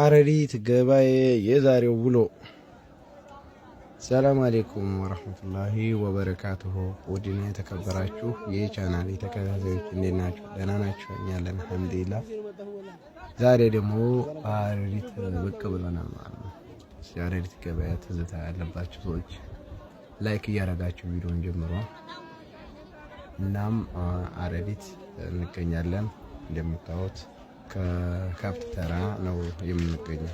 አረሪት ገበያ የዛሬው ውሎ። ሰላም አሌይኩም ወረህመቱላሂ ወበረካቱሁ። ውድና የተከበራችሁ የቻናል የተከታታዮች እንዴት ናችሁ? ደህና ናችሁ? እኛ አልሐምዱሊላህ። ዛሬ ደግሞ አረሪት ብቅ ብለናል ማለት ነው። አረሪት ገበያ ትዝታ ያለባቸው ሰዎች ላይክ እያደረጋችሁ ቪዲዮን ጀምሮ እናም አረሪት እንገኛለን እንደምታዩት ከከብት ተራ ነው የምንገኘው።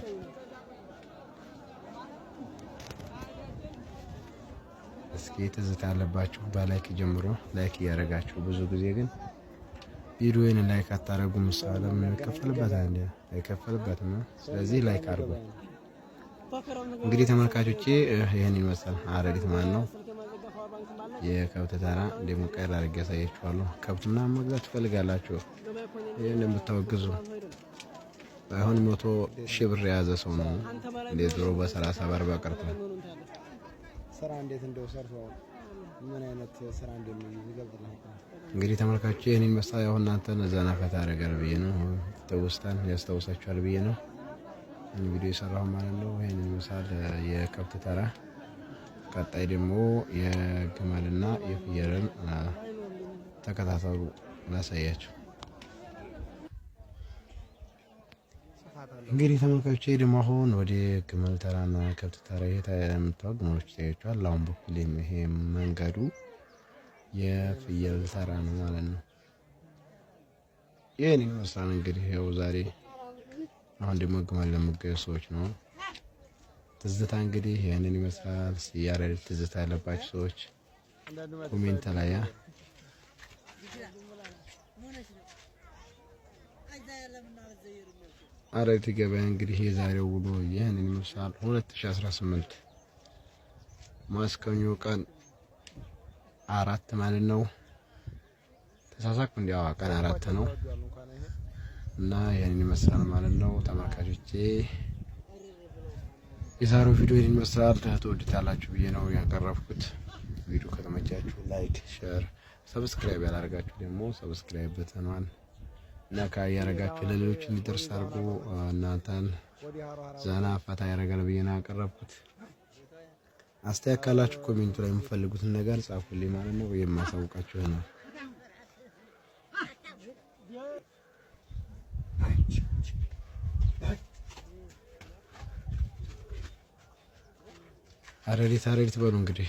እስኪ ትዝታ አለባችሁ በላይክ ጀምሮ ላይክ እያደረጋችሁ ብዙ ጊዜ ግን ቪዲዮን ላይክ አታደርጉም። ምን የሚከፈልበት አንድ አይከፈልበት ነው። ስለዚህ ላይክ አድርጉ። እንግዲህ ተመልካቾቼ ይህን ይመስላል አረዲት ማለት ነው። የከብት ተራ እንደሞቀል አድርጌ ያሳያችኋለሁ። ከብትና መግዛት ትፈልጋላችሁ እንደምታወግዙ አሁን መቶ ሺህ ብር የያዘ ሰው ነው እንደ ድሮ በሰላሳ በአርባ ቀርቷል። ስራ እንዴት እንደው ሰርቶ ምን አይነት ስራ እንደሚይዝ ይገልጽልሃል። እንግዲህ ተመልካቾች ይህንን መሳሪያ አሁን እናንተን ዘና ፈታ ያደርጋል ብዬ ነው ትውስታን ያስታውሳችኋል ብዬ ነው እንግዲህ የሰራሁ ማለት ነው። ይህንን መሳል የከብት ተራ ቀጣይ ደግሞ የግመልና የፍየልን ተከታተሉ ላሳያችሁ። እንግዲህ ተመልካቾች ደግሞ አሁን ወደ ግመል ተራና ከብት ተራ የምታዩት ግመሎች ታያቸዋል። አሁን በኩል ይሄ መንገዱ የፍየል ተራ ነው ማለት ነው። ይህን ይመስላል እንግዲህ ያው ዛሬ አሁን ደግሞ ግመል ለምገዩ ሰዎች ነው ትዝታ እንግዲህ ይህንን ይመስላል። ያሬድ ትዝታ ያለባቸው ሰዎች ኮሜንት ላይ አረድ ገበያ እንግዲህ የዛሬው ውሎ ይህንን ይመስላል። 2018 ማስከኞ ቀን አራት ማለት ነው። ተሳሳኩ እንዲያው ቀን አራት ነው እና ይህንን ይመስላል ማለት ነው ተመልካቾቼ የዛሬው ቪዲዮ ይህን ይመስላል። ትወዱታላችሁ ብዬ ነው ያቀረብኩት። ቪዲዮ ከተመቻችሁ ላይክ፣ ሼር፣ ሰብስክራይብ ያላደርጋችሁ ደግሞ ሰብስክራይብ በተኗን ነካ እያደረጋችሁ ለሌሎች እንዲደርስ አድርጎ እናንተን ዘና ፈታ ያደርጋል ብዬ ነው ያቀረብኩት። አስተያየት ካላችሁ ኮሜንቱ ላይ የምፈልጉትን ነገር ጻፉልኝ ማለት ነው የማሳውቃችሁ ነው። አረሪት አረሪት በሉ እንግዲህ